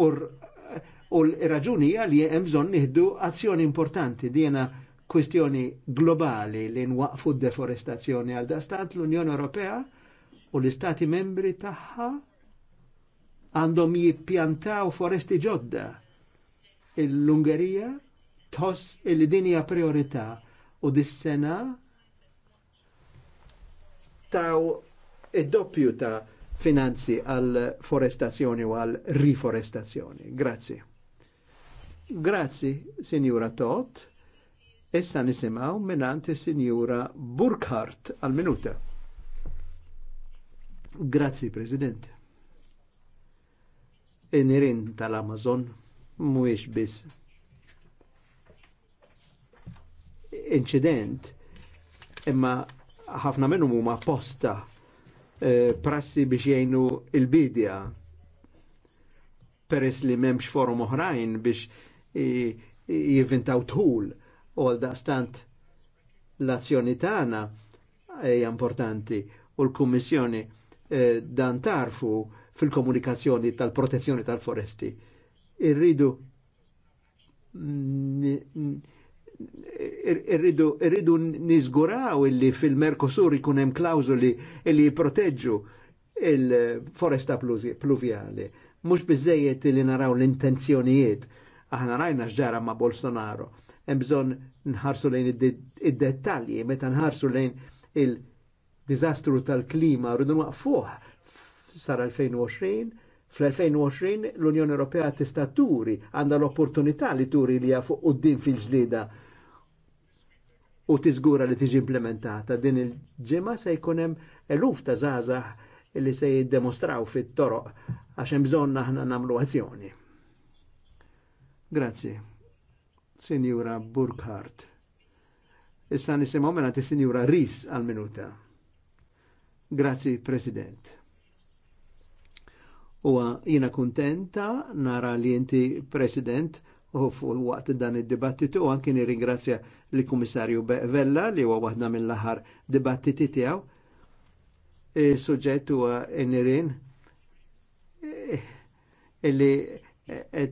U l-raġuni li hemm bżonn nihdu azzjoni importanti diena kwistjoni globali li nwaqfu d-deforestazzjoni għal dastant l-Unjoni Ewropea u l-Istati membri taħħa għandhom jippjantaw foresti ġodda. L-Ungerija tħoss il dinja priorità u dis-sena taw id-doppju ta' finanzi għal forestazzjoni u għal riforestazzjoni. Grazzi. Grazzi, signora Tot. Issa nisimaw minnant signora Burkhardt għal minuta. Grazzi, President. Inirin tal-Amazon mhuwiex biss incident imma ħafna minnhom huma posta Eh, prassi biex jgħinu il-bidja peress li memx forum oħrajn biex jivvintaw tħul u għal daqstant l-azzjoni tagħna hija importanti u l-Kummissjoni eh, dan tarfu fil-komunikazzjoni tal-protezzjoni tal-foresti. Irridu irridu nizguraw illi fil-Merkosur ikunem hemm klawżoli li jipproteġġu il-foresta pluvjali. Mhux biżejjed li naraw l-intenzjonijiet. Aħna rajna x'ġara ma' Bolsonaro. Hemm bżonn nħarsu lejn id-dettalji meta nħarsu lejn il-diżastru tal-klima rridu waqfuh sar 2020 fl-2020 l-Unjoni Ewropea tista' turi għandha l-opportunità li turi li fuq quddiem fil-ġlida u tiżgura li tiġi implementata. Din il ġimma se jkun hemm eluf ta' żgħażagħ li se jiddemostraw fit-toroq għax hemm bżonn aħna nagħmlu azzjoni. Grazzi. Sinjura Burkhardt. Issa nisimgħu mela tis sinjura Ris għal-minuta. Grazzi, President huwa jiena kuntenta nara li inti president u fuq waqt dan id-dibattitu u anki nirringrazzja li kummissarju Vella li huwa waħda mill-aħħar dibattiti tiegħu. E, suġġett huwa nirin e, illi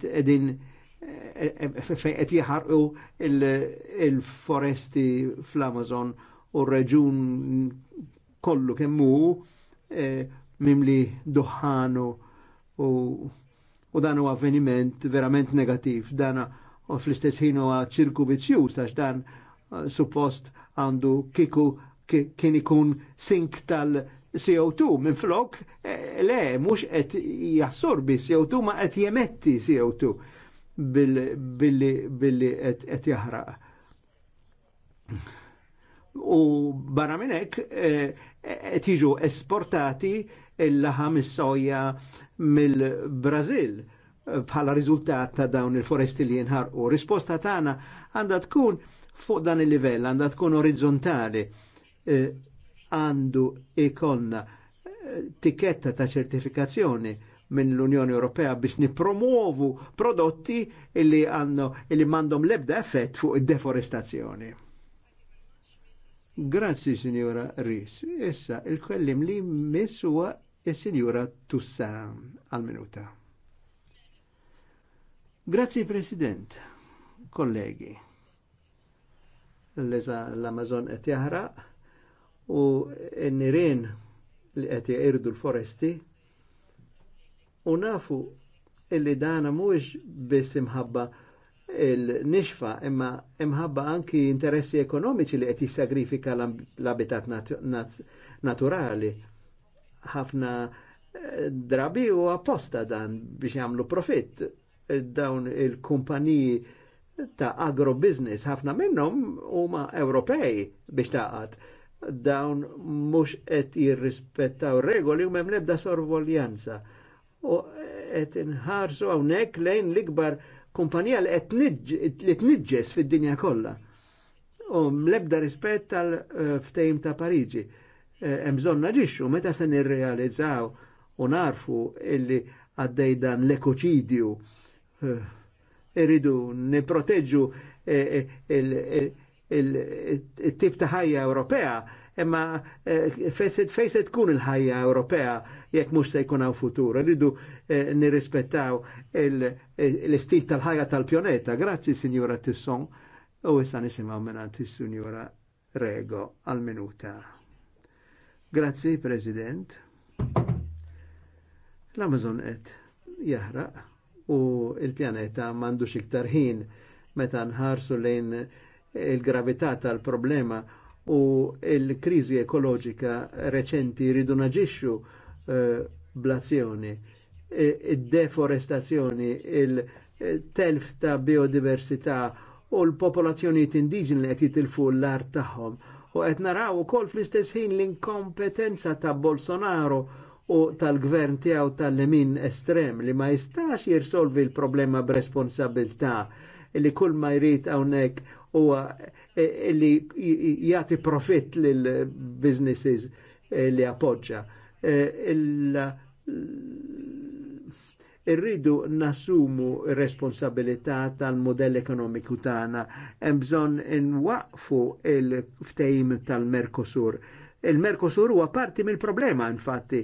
qegħdin e, qed jaħarqu il-foresti fl-Amazon u r-reġun kollu kemmu mimli duħanu u u dan huwa avveniment verament negativ. Dan u fl-istess ħin u ċirku bizzjuż għax dan uh, suppost għandu kiku kien ikun sink tal-CO2 minn flok, eh, le, mux qed jassorbi CO2 ma qed jemetti CO2 billi qed jaħraq. U barra minnek eh, qed jiġu esportati il-laħam is-soja mill-Brazil eh, bħala rizultat ta' dawn il-foresti li u Risposta tagħna għandha tkun fuq dan il-livell, għandha tkun orizzontali, eh, għandu ikonna eh, tiketta ta' ċertifikazzjoni minn l-Unjoni Ewropea biex nipromuovu prodotti illi għanno illi mandom lebda effett fuq id-deforestazzjoni. Grazzi, signora Ris. Issa, il-kellim li missu il-Sinjura Tussa għal-minuta. Grazie President, kollegi. L-Amazon l et jahra u n-nirin li et jirdu l-foresti u nafu illi dana mhuwiex biss imħabba il-nixfa imma imħabba anki interessi ekonomiċi li qed jissagrifika l-abitat nat nat naturali ħafna eh, drabi u apposta dan biex jagħmlu profitt dawn il-kumpaniji ta' agrobiznis ħafna minnhom huma Ewropej biex taqat dawn mhux qed jirrispettaw regoli u m'hemm nebda sorvoljanza. U qed inħarsu hawnhekk lejn l-ikbar kumpanija li qed tniġġes fid-dinja kollha. U mlebda rispett tal-ftejm eh, ta' Pariġi hemm bżonn meta se nirrealizzaw u narfu illi għaddej dan l-ekoċidju eh, irridu niproteġġu eh, eh, il-tip ta' ħajja Ewropea imma fejset tkun il-ħajja Ewropea jekk mhux se jkun hawn futur. irridu nirrispettaw l-istil tal-ħajja tal-pjoneta. Grazzi, Sinjura Tisson. U issa nisimgħu minn Sinjura Rego għal-minuta. Grazzi, President. L-Amazon qed jahraq u il-pjaneta m'għandux iktar ħin meta nħarsu lejn il-gravità tal-problema u il-kriżi ekoloġika reċenti ridu naġixxu eh, blazzjoni, e, il deforestazzjoni il-telf ta' biodiversità u l popolazzjoni indiġeni qed jitilfu l-art tagħhom u qed naraw ukoll fl-istess ħin l-inkompetenza ta' Bolsonaro u tal-gvern tiegħu tal-lemin estrem li ma jistax jirsolvi l-problema b'responsabilità li kull ma jrid hawnhekk huwa e, e, li jagħti profitt lil businesses e, li appoġġa irridu nassumu responsabilità tal-modell ekonomiku tagħna hemm bżonn inwaqfu il-ftehim tal-Mercosur. Il-Mercosur huwa parti mill-problema infatti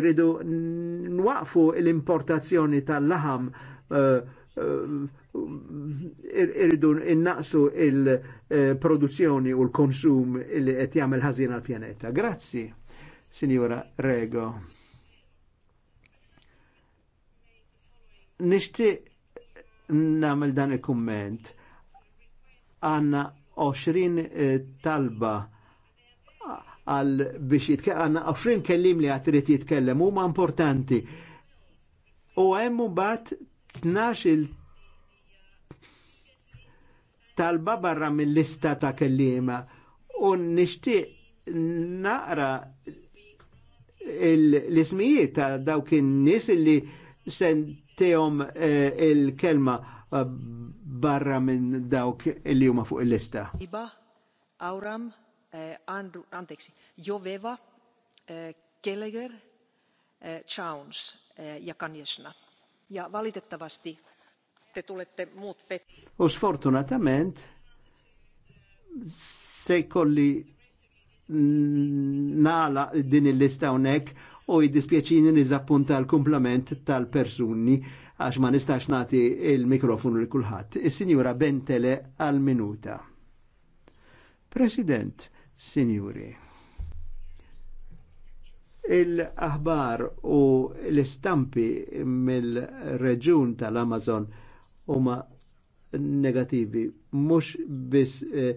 irridu nwaqfu l-importazzjoni tal-laħam eh, eh, irridu innaqsu il-produzzjoni u l-konsum li qed jagħmel ħażin għall-pjaneta. Grazzi, Sinjora Rego. Nishti namel dan il-komment għanna 20 eh, talba għal biex jitkellem, għanna 20 kellim li għatrit jitkellem, huma importanti. U għemmu bat 12 il talba barra mill-lista ta' kellima u nishti naqra l-ismijiet ta' dawk in-nies li sen tihom eh, il-kelma eh, barra minn dawk li huma fuq il-lista. Iba, Awram, eh, Andru, anteksi, Joveva, Kelleger, Chowns Jakan Jesna. Ja valitettavasti te tulette muut pet. U sfortunatament se kolli nala din il-lista unek u jiddispjaċini niżappunta l-kumplament tal-persuni għax ma nistax nati il-mikrofonu li kulħadd. Is-Sinjura Bentele għal-minuta. President, Sinjuri il-aħbar u l-istampi mill-reġun tal-Amazon huma negativi, mhux biss eh,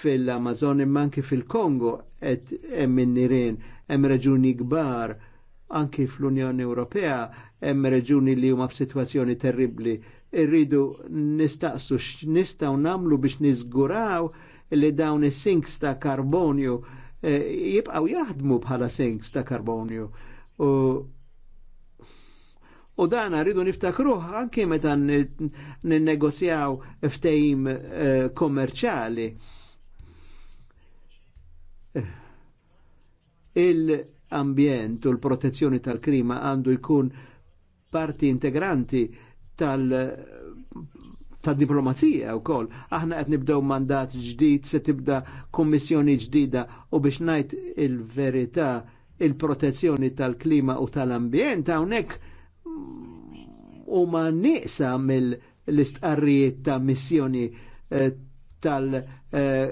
fil-Amazon imma anki fil-Kongo qed hemm in-nirien hemm reġuni kbar anki fl-Unjoni Ewropea hemm reġuni li huma f'sitwazzjoni terribbli. Irridu nistaqsu x'nistgħu nagħmlu biex niżguraw li dawn is-sinks ta' karbonju eh, jibqgħu jaħdmu bħala sinks ta' karbonju. U U dan rridu niftakruh anke meta ninnegozjaw ftehim eh, kommerċali. Eh, il ambjent u l-protezzjoni tal-klima għandu jkun parti integranti tal tad diplomazija u koll. Aħna qed nibdew mandat ġdid, se tibda kommissjoni ġdida u biex najt il-verità il-protezzjoni tal-klima u tal-ambjent hawnhekk u ma niqsa mill-istqarrijiet ta' missjoni eh, tal- eh,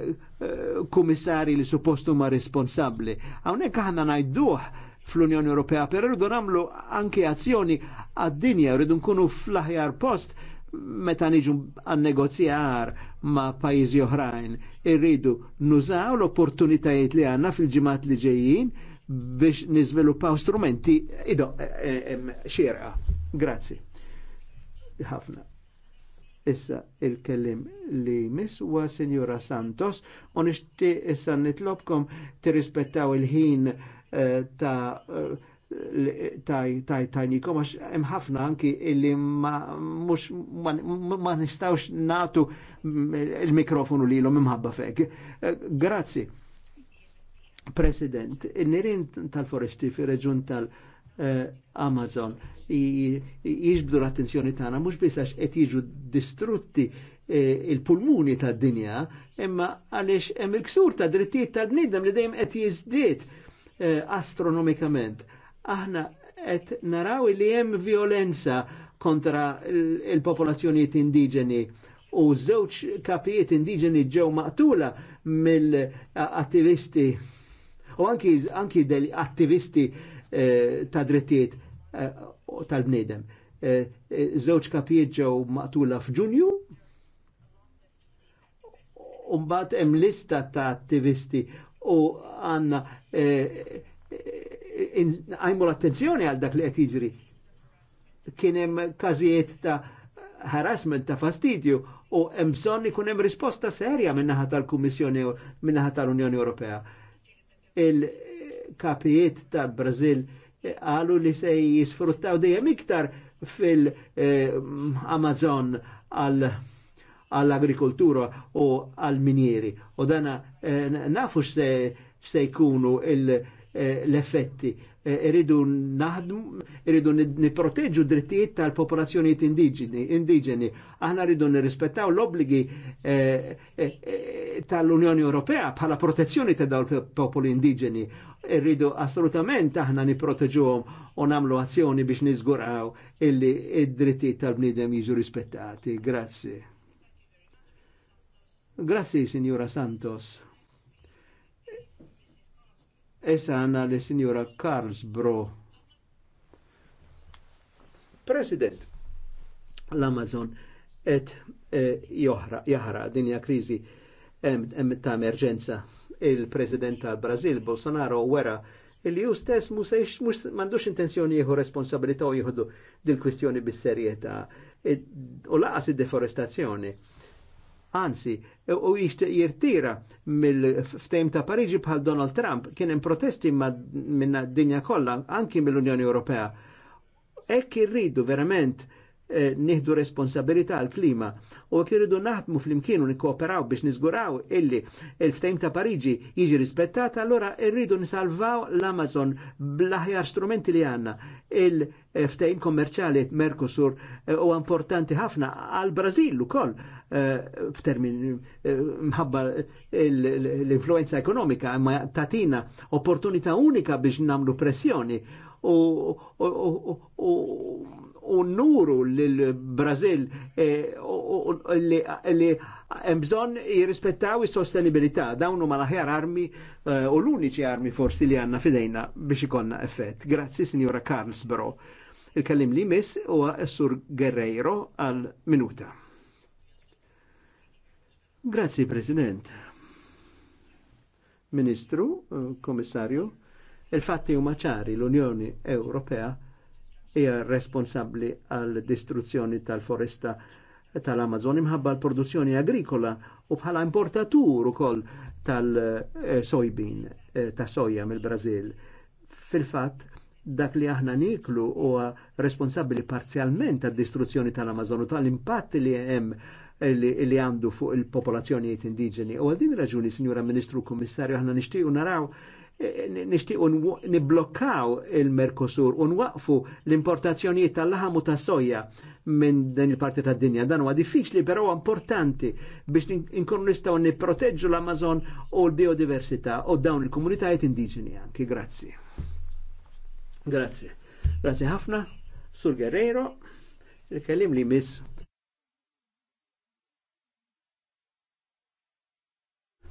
kummissari li suppostu ma responsabli. Hawnhekk aħna ngħidduh fl-Unjoni Ewropea, per rridu nagħmlu anke azzjoni għad-dinja, rridu nkunu fl-aħjar post meta niġu għan-negozjar ma' pajjiżi oħrajn. Irridu nużaw l-opportunitajiet li għandna fil-ġimat li ġejjin biex niżviluppaw strumenti ido eh, eh, xira. Grazzi. Ħafna. Issa il-kellim li miss wa Signora Santos u nixti issa nitlobkom tirrispettaw il-ħin eh, ta' eh, taj tajnikom għax imħafna anki illi ma mhux ma nistgħux natu il-mikrofonu li l-om imħabba fek. Eh, grazzi. President, in-nirin tal-foresti fi reġun tal-, -foresti, Eh, Amazon jiġbdu l-attenzjoni tagħna mhux biss għax qed jiġu distrutti eh, il-pulmuni tad dinja imma għaliex hemm il-ksur ta' drittijiet tal-bniedem li dejjem qed jiżdied eh, astronomikament. Aħna qed naraw li hemm violenza kontra il-popolazzjonijiet indiġeni u żewġ kapijiet indiġeni ġew maqtula mill-attivisti u anki, anki attivisti Eh, ta' drittijiet eh, tal-bniedem. Zewċ eh, kapijiet ġew maqtula f'Ġunju Umbat hemm lista ta' attivisti u għanna għajmu l-attenzjoni għal dak li qed jiġri. Kien hemm każijiet ta' harassment ta' fastidju u hemm bżonn ikun hemm risposta serja minnaħa tal-Kummissjoni minnaħa tal-Unjoni Ewropea kapijiet tal-Brazil eh, għalu li se jisfruttaw dejjem iktar fil-Amazon eh, għall-agrikoltura u għall-minjeri. U dana eh, nafux se jkunu il- Eh, l-effetti. Eh, irridu naħdmu, irridu niproteġu drittijiet tal popolazzjoniet indiġeni. Aħna rridu nirrispettaw l-obligi eh, tal-Unjoni Ewropea bħala protezzjoni ta' dawl popoli indiġeni. Irridu assolutament aħna niproteġuhom u namlu azzjoni biex niżguraw illi id-drittijiet tal-bniedem jiġu rispettati. Grazzi. Grazzi, Signora Santos. Esa għanna li signora Carlsbro. President, l-Amazon et eh, johra, jahra dinja krizi em, ta' emerġenza. Il-President tal-Brazil, Bolsonaro, wera il-li ju stess mux mandux intenzjoni jieħu responsabilità u jieħdu dil-kwistjoni bis-serjeta e, u laqas id-deforestazzjoni anzi, u jirtira mill-ftejm ta' Pariġi bħal Donald Trump, kien hemm protesti minna dinja kollha, anki mill-Unjoni Ewropea. Hekk irridu verament eh, nieħdu responsabilità għal klima u kiridu naħdmu fl-imkien u nikkooperaw biex nizguraw illi il-ftejm ta' Pariġi jiġi rispettata, allora irridu nisalvaw l-Amazon bl-aħjar strumenti li għanna. Il-ftejm kommerċali Mercosur eh, u importanti ħafna għal brazil u koll eh, f'termin eh, mħabba l-influenza ekonomika, ma tatina opportunità unika biex namlu pressjoni u u nuru l-Brazil eh, li bżon jirrispettaw il-sostenibilità. Dawnu ma laħjar armi eh, u l-uniċi armi forsi li għanna fidejna biex ikonna effett. Grazzi, Signora Carlsbro. Il-kellim li miss u Sur Guerreiro għal minuta. Grazzi, President. Ministru, eh, Komissarju, il-fatti huma ċari l-Unjoni Ewropea hija responsabbli għal distruzzjoni tal-foresta tal-Amazon imħabba l-produzzjoni agrikola u bħala importatur ukoll tal-sojbin eh, ta' soja mill-Brażil. Fil-fatt dak li aħna niklu huwa responsabbli parzjalment għad distruzzjoni tal-Amazon u tal-impatt li hemm eh, li għandu fuq il-popolazzjonijiet indiġeni. U għal din raġuni, Signora Ministru Kummissarju, aħna nixtiequ naraw nishtiqu niblokkaw il-Merkosur u nwaqfu l-importazzjonijiet tal-laħam u tas-soja minn din il-parti tad-dinja. Dan huwa diffiċli però importanti biex inkunu nistgħu nipproteġġu l-Amazon u l-biodiversità u dawn il-komunitajiet indiġeni anki. Grazzi. Grazzi. Grazzi ħafna. Sur Guerrero, il-kellim li miss.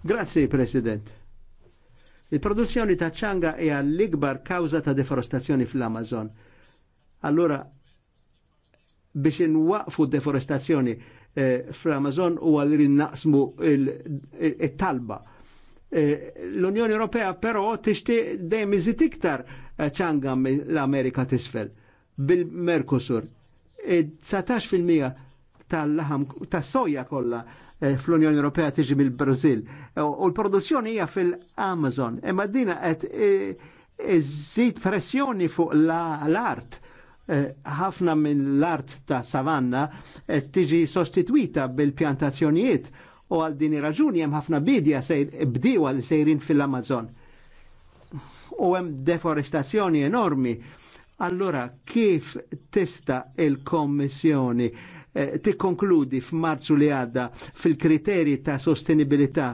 Grazzi, President. Il-produzzjoni ta' ċanga hija l-ikbar kawża ta' deforestazzjoni fl-Amazon. Allura biex inwaqfu deforestazzjoni eh, fl-Amazon u għal rinnaqsmu il-talba. Eh, L-Unjoni Ewropea però tixti dejjem iżid iktar eh, ċanga l amerika tisfel bil-Mercosur. 19% tal-laħam, tas soja kollha Eh, fl-Unjoni Ewropea tiġi mill brazil U l-produzzjoni hija fil-Amazon, imma dina qed eh, iżid pressjoni fuq l-art. Eh, ħafna minn l-art ta' savanna tiġi sostituita bil-pjantazzjonijiet u għal din raġuni hemm ħafna bidja sejr bdiewa li sejrin fil-Amazon. U hemm deforestazzjoni enormi. Allora, kif tista il-Kommissjoni Eh, tikkonkludi f'Marzu li għadda fil-kriteri ta' sostenibilità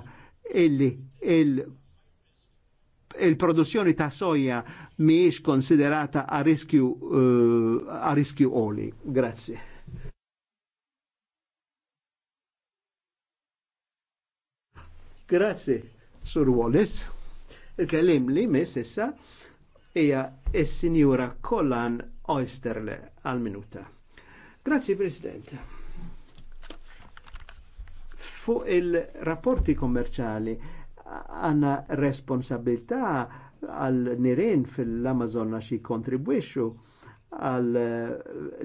illi il il-produzzjoni ta' soja miex konsiderata a riskju uh, oli. Grazie. Grazie, Sur Wallace. Il-kellim li mis issa hija is-sinjura Collan Oysterle għal-minuta. Grazie President. Fuq il-rapporti kommerċali għanna responsabilità għal nirin fil-Amazon għax kontribwixxu għal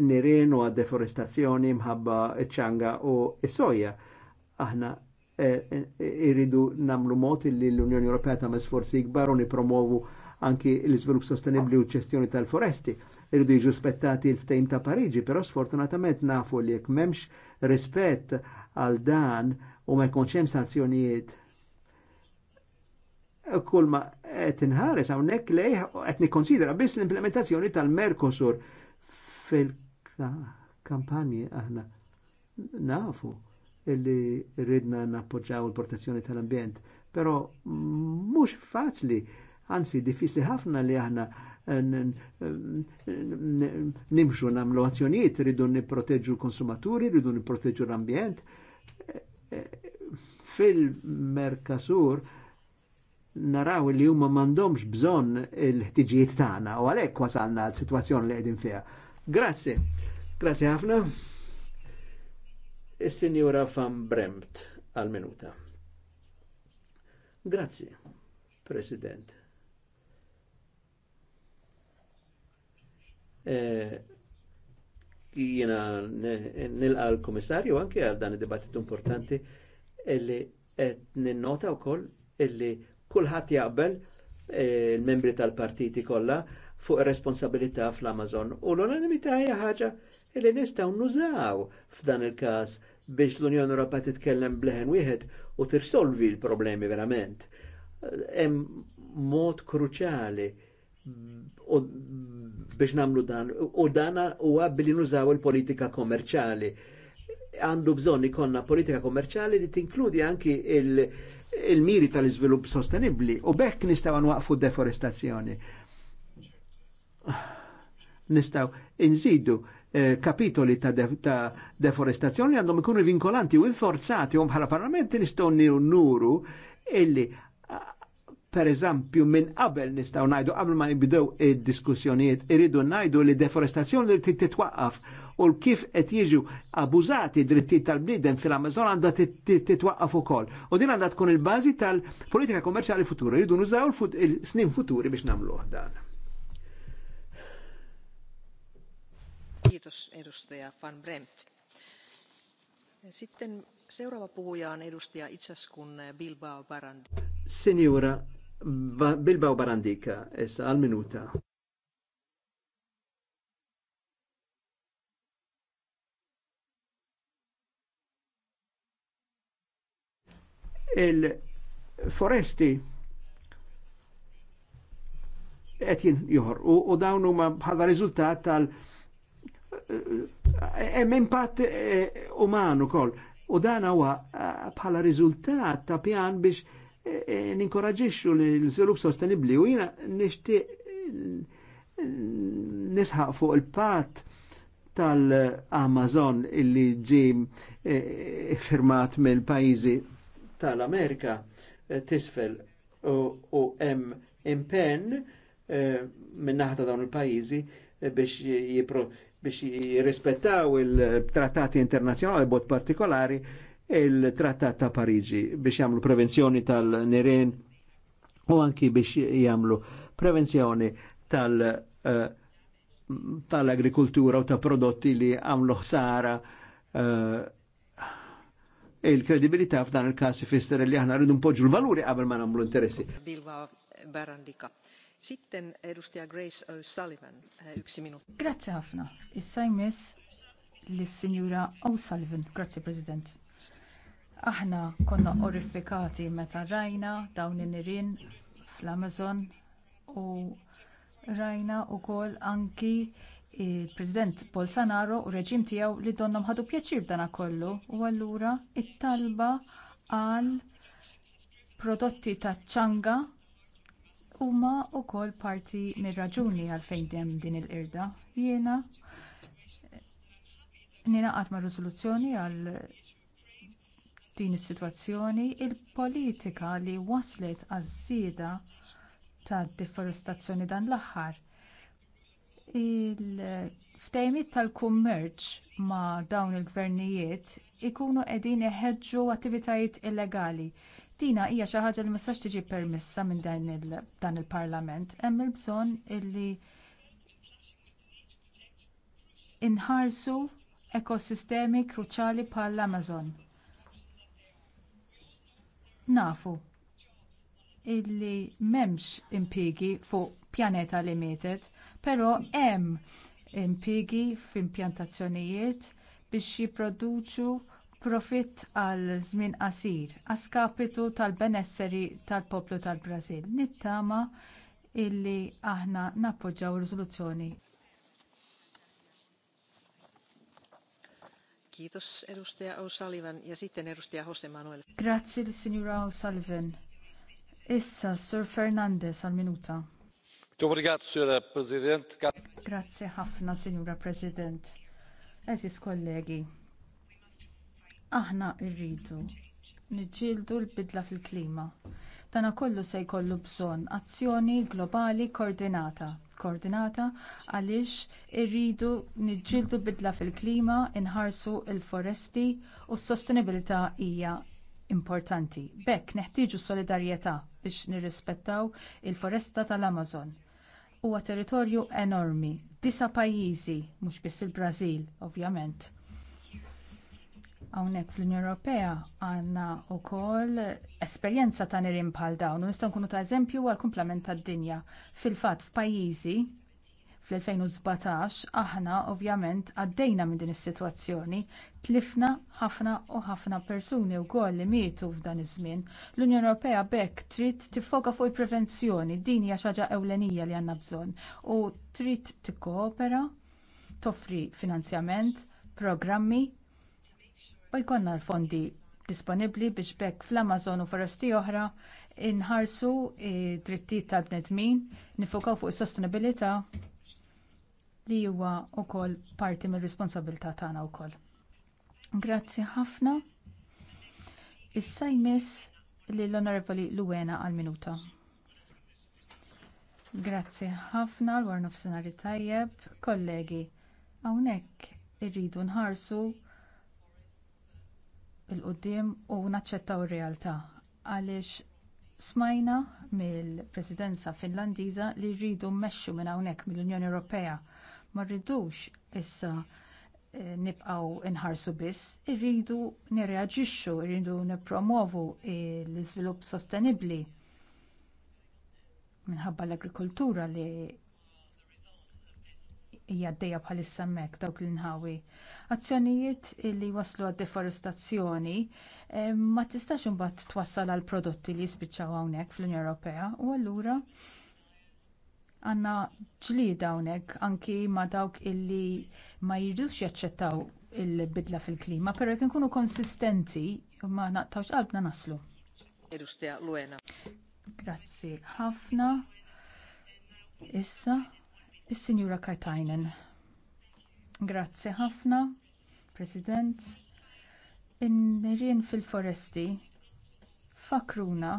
nirin u għad deforestazzjoni mħabba ċanga u soja. Aħna eh, eh, irridu e, namlu mot li l-Unjoni Ewropea ta' sforzi ikbar u nipromovu anki l-iżvilupp sostenibli u ċestjoni tal-foresti irridu jiġu spettati l-ftejm ta' Pariġi, però sfortunatament nafu li jekk m'hemmx rispett għal dan u ma jkunx hemm sanzjonijiet. Kull ma qed inħares hawnhekk lej qed nikkonsidra biss l-implementazzjoni tal-Mercosur fil-kampanji aħna nafu illi ridna nappoġġaw il-protezzjoni tal-ambjent, però mhux faċli, anzi diffiċli ħafna li aħna nimxu namlu azzjonijiet, rridu niproteġu konsumaturi, rridu niproteġu l-ambjent. E, e, Fil-Merkasur naraw li huma mandomx bżon il-ħtiġijiet tagħna u għalhekk wasalna l-sitwazzjoni li qegħdin fiha. Grazzi. Grazzi ħafna. Is-Sinjura Van Bremt għal-minuta. Grazzi, President. Eh, jiena nilqa l-komissarju anke għal dan id-dibattitu importanti illi qed ninnota wkoll illi kulħadd jaqbel eh, il-membri tal-partiti kollha fuq responsabilità fl-Amazon u l-unanimità hija ħaġa illi nistgħu nużaw f'dan il-każ biex l-Unjoni Ewropea titkellem bleħen wieħed u tirsolvi l-problemi verament. Eh, hemm mod kruċali biex namlu dan u dan huwa billi nużaw il-politika kommerċali. Għandu bżon ikonna politika kommerċali li tinkludi anki il-miri il tal-iżvilupp sostenibli. u bekk nistgħu nwaqfu deforestazzjoni. Nistaw inżidu eh, kapitoli ta', de ta deforestazzjoni għandhom ikunu vinkolanti u inforzati u bħala parlamenti nistaw nuru illi per eżempju minn qabel nistaw najdu qabel ma nibdew id-diskussjonijiet irridu najdu li deforestazzjoni li titwaqqaf u kif qed jiġu abużati drittijiet tal-bniedem fil-Amazon għandha titwaqqaf ukoll. U din għandha tkun il-bażi tal-politika kommerċjali futura. Jridu nużaw il-snin futuri biex nagħmluh dan. Kiitos edustaja Van Bremt. Sitten seuraava puhuja on edustaja Itsaskun Bilbao Barandi. Signora Bilbaw Barandika, essa għal-minuta. il-foresti qed joħorqu u dawn huma bħala riżultat tal hemm impatt eh, uman ukoll. U dan huwa eh, bħala riżultat ta' pjan biex E, e, ninkoraġiċu li l-żvilupp sostenibbli u jina nishti nisħaq fuq il-pat tal-Amazon illi ġi e, firmat mill pajjiżi tal-Amerika tisfel u hemm impenn minn naħta dawn il-pajjiżi biex jipro biex jirrispettaw il-trattati internazjonali bot partikolari il-Trattat ta' Parigi, biex jagħmlu prevenzjoni tal nirien u anki biex jagħmlu prevenzjoni tal- eh, tal-agrikultura u ta' prodotti li għamlu ħsara eh, il-kredibilità f'dan il-kas fister li aħna rridu npoġġu l-valuri qabel ma nagħmlu interessi. Barandika. Sitten Rustia Grace O'Sullivan, eh, yksi minut. Grazie hafna. Issa jmiss O'Sullivan. Grazie, President. Aħna konna orrifikati meta rajna dawn in-nirien fl-Amazon u rajna wkoll anki il-President Bolsonaro u reġim tiegħu li donna ħadu pjaċir b'dana kollu u allura t talba għal prodotti ta' ċanga huma wkoll parti mir-raġuni għalfejn hemm din il-qirda. Jiena ninaqat ma' riżoluzzjoni għal din is-sitwazzjoni il-politika li waslet għaż-żieda tad-deforestazzjoni dan l-aħħar il-ftehimiet tal-kummerċ ma' dawn il-gvernijiet ikunu qegħdin iħeġġu attivitajiet illegali. din hija xi ħaġa li ma tistax tiġi permessa minn dan il-Parlament. Hemm il-bżonn li inħarsu ekosistemi kruċjali bħall-Amazon nafu illi m'hemmx impigi fuq pjaneta limited, però hemm impigi f'impjantazzjonijiet biex jipproduċu profitt għal żmien qasir għaskapitu tal-benesseri tal-poplu tal-Brażil. Nittama illi aħna nappoġġjaw riżoluzzjoni Kiitos edustaja O'Sullivan ja sitten edustaja Jose Manuel. Grazie signora O'Sullivan. Issa Sir Fernandez għal minuta. Grazie ħafna signora President. Eżis kollegi. Aħna rridu niġġieldu l-bidla fil-klima. Dana kollu se jkollu bżonn azzjoni globali koordinata koordinata għaliex irridu niġġieldu bidla fil-klima, inħarsu l-foresti u s-sostenibilità hija importanti. B'hekk neħtieġu solidarjetà biex nirrispettaw il-foresta tal-Amazon. Huwa territorju enormi, disa pajjiżi, mhux biss il-Brażil, ovvjament. Hawnhekk fl-Unjoni Ewropea għandna wkoll esperjenza ta' nirien bħal dawn u nistgħu nkunu ta' eżempju għal kumplament tad-dinja. Fil-fatt f'pajjiżi fl-2017 aħna ovvjament għaddejna minn din is-sitwazzjoni tlifna ħafna u ħafna persuni wkoll li mietu f'dan iż-żmien. L-Unjoni Ewropea b'hekk trid tifoka fuq il-prevenzjoni, din hija xi ħaġa ewlenija li għandna bżonn u trid tikkoopera, toffri finanzjament, programmi u jkollna l-fondi disponibbli biex bekk fl-Amazon u foresti oħra inħarsu drittijiet tal-bnedmin, nifokaw fuq is-sostenibilità li huwa wkoll parti mir-responsabilità tagħna wkoll. Grazzi ħafna. Issa jmiss li l-Onorevoli Luwena għal-minuta. Grazzi ħafna l-war nofsinari tajjeb, kollegi. Hawnhekk irridu nħarsu il-qudiem u naċċettaw ir-realtà għaliex smajna mill-Presidenza Finlandiża li rridu mmexxu minn hawnhekk mill-Unjoni Ewropea. Ma rridux issa eh, nibqgħu inħarsu biss, irridu nirreaġixxu, irridu nippromovu l-iżvilupp sostenibbli minħabba l-agrikoltura li hija għaddejja bħalissa hemmhekk dawk l-inħawi. Azzjonijiet li waslu għad deforestazzjoni eh, ma tistax imbagħad twassal għal prodotti li jispiċċaw hawnhekk fl-Unjoni Ewropea u allura għandna ġlieda hawnhekk anki ma dawk illi ma jirdux jaċċettaw il-bidla fil-klima, però jekk nkunu konsistenti ma naqtawx qalbna naslu. Grazzi ħafna. Issa Is-Sinjura Kajtajnen. Grazzi ħafna, President. In-nirien fil-foresti fakruna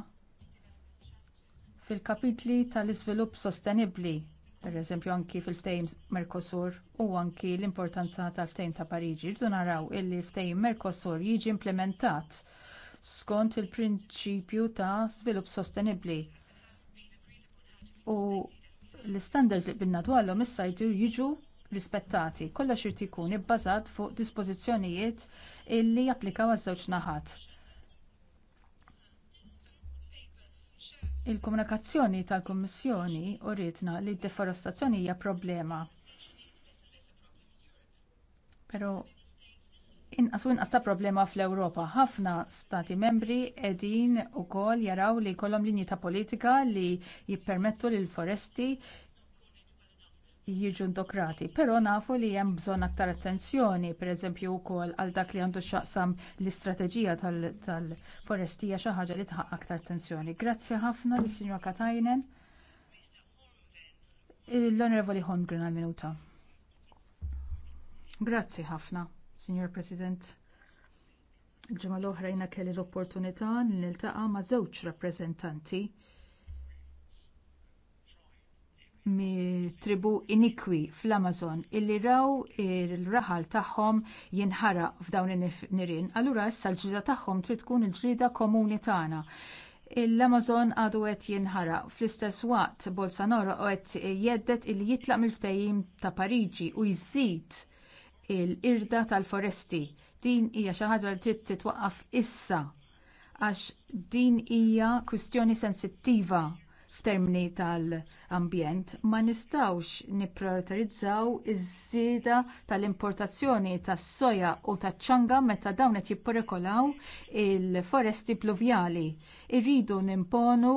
fil-kapitli tal-iżvilupp sostenibbli, pereżempju anki fil ftejm Mercosur u anki l-importanza tal ftejm ta' Pariġi. Rdu naraw illi ftehim Mercosur jiġi implementat skont il-prinċipju ta' żvilupp sostenibbli. U l-istandards li qbilna dwarhom issa sajtu jiġu rispettati. Kollox irid ikun ibbażat fuq dispożizzjonijiet li japplikaw għaż-żewġ naħat. Il-komunikazzjoni tal-Kummissjoni uritna li d-deforestazzjoni hija problema inqas u inqas ta' problema fl-Ewropa. Ħafna stati membri qegħdin ukoll jaraw li jkollhom linji ta' politika li jippermettu l foresti jiġu ndokrati, però nafu li hemm bżonn aktar attenzjoni, pereżempju wkoll għal dak li għandu x'jaqsam l-istrateġija tal-forestija xi ħaġa li tħaq aktar attenzjoni. Grazzi ħafna lis sinjor Katajnen. L-Onorevoli Holmgren għal minuta. Grazzi ħafna. Signor President, il-ġimgħa l kelli l-opportunità li niltaqa' ma' żewġ rappreżentanti Mi tribu inikwi fl-Amazon illi raw il-raħal tagħhom jinħaraq f'dawn in nirin Allura issa l-ġrida tagħhom trid tkun il-ġrida komuni tagħna. L-Amazon għadu qed jinħaraq fl-istess waqt Bolsonaro qed jeddet illi jitlaq mill ftajim ta' Pariġi u jżid l-irda tal-foresti. Din hija xi ħaġa li trid titwaqqaf issa għax din hija kwistjoni sensittiva f'termini tal-ambjent ma nistgħux nipprioritizzaw iż-żieda tal-importazzjoni tas-soja u taċ-ċanga meta dawn qed jipperikolaw il-foresti pluvjali. Irridu nimponu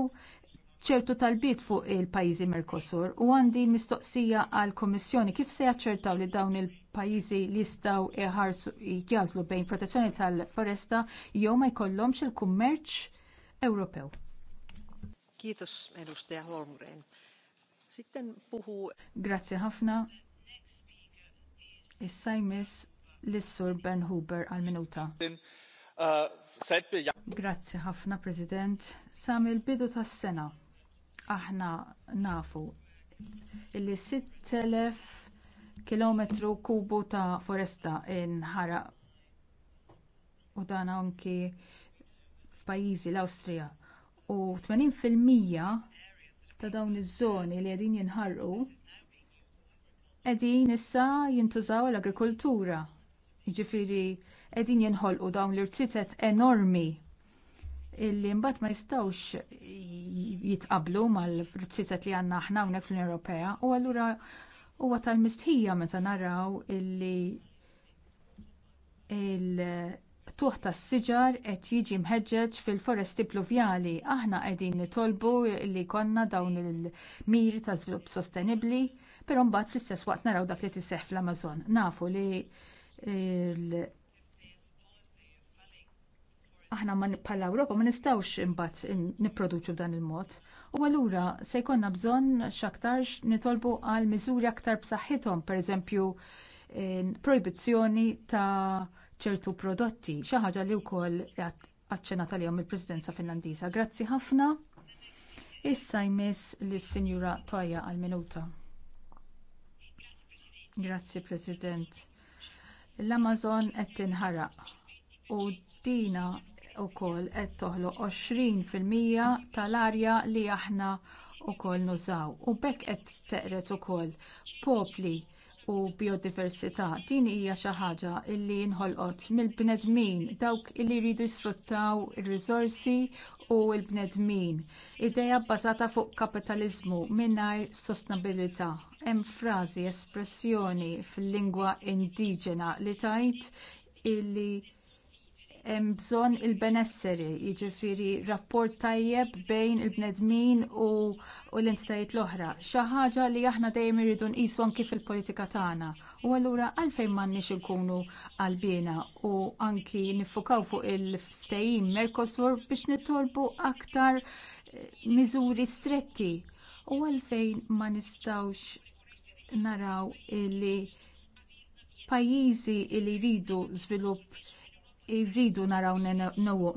ċertu talbiet fuq il-pajjiżi Mercosur u għandi mistoqsija għall kummissjoni kif se jaċċertaw li dawn il-pajjiżi li jistgħu iħarsu jażlu bejn protezzjoni tal-foresta jew ma jkollhomx il-kummerċ Ewropew. Kiitos, edustaja Holmgren. Sitten puhu... Grazie ħafna. Issa jmiss l-Sur Ben Huber għal-minuta. Uh, Grazie ħafna, President. Sam il-bidu tas-sena aħna nafu illi 6000 km kubu ta' foresta inħaraq u dan anki f'pajjiżi l-Awstrija u 80% ta' dawn iż-żoni li qegħdin jinħarqu qegħdin issa jintużaw l-agrikoltura. Jiġifieri qegħdin jinħolqu dawn l-irtitet enormi illi mbagħad ma jistgħux jitqablu mal-frizzizet li għandna aħna hawnhekk fl-Unjoni Ewropea u allura huwa tal-mistħija meta naraw illi il-tuħ tas-siġar qed jiġi mħeġġeġ fil-foresti pluvjali. Aħna qegħdin nitolbu li jkollna dawn il-miri ta' żvilupp sostenibbli, però mbagħad fl-istess waqt naraw dak li tiseħħ fl-Amazon. Nafu li l aħna ma bħala Ewropa ma nistgħux imbagħad nipproduċu dan il-mod. U allura se jkollna bżonn x'aktarx nitolbu għal miżuri aktar b'saħħithom, pereżempju proibizzjoni ta' ċertu prodotti, xi ħaġa li wkoll aċċenata lihom il-Presidenza Finlandiża. Grazzi ħafna. Issa jmiss lis-Sinjura Toja għal-minuta. Grazzi President. L-Amazon qed tinħaraq u dina ukoll qed toħloq għoxrin fil-mija tal-arja li aħna wkoll nużaw u b'hekk qed teqret ukoll popli u biodiversità din hija xi ħaġa li nħolqot mill-bnedmin dawk li jridu jisfruttaw ir-riżorsi u l-bnedmin. Ideja bbażata fuq kapitaliżmu mingħajr sostenibilità. Hemm frażi espressjoni fil-lingwa indiġena li tgħid illi hemm bżonn il-benesseri, jiġifieri rapport tajjeb bejn il-bnedmin u, u l-entitajiet l-oħra. Xi ħaġa li aħna dejjem irridu nqisu anki fil-politika tagħna. U allura għalfejn m'għandniex inkunu qalbina u anki niffukaw fuq il-ftehim Mercosur biex nitolbu aktar eh, miżuri stretti. U għalfejn ma nistgħux naraw li pajjiżi li jridu żvilupp irridu naraw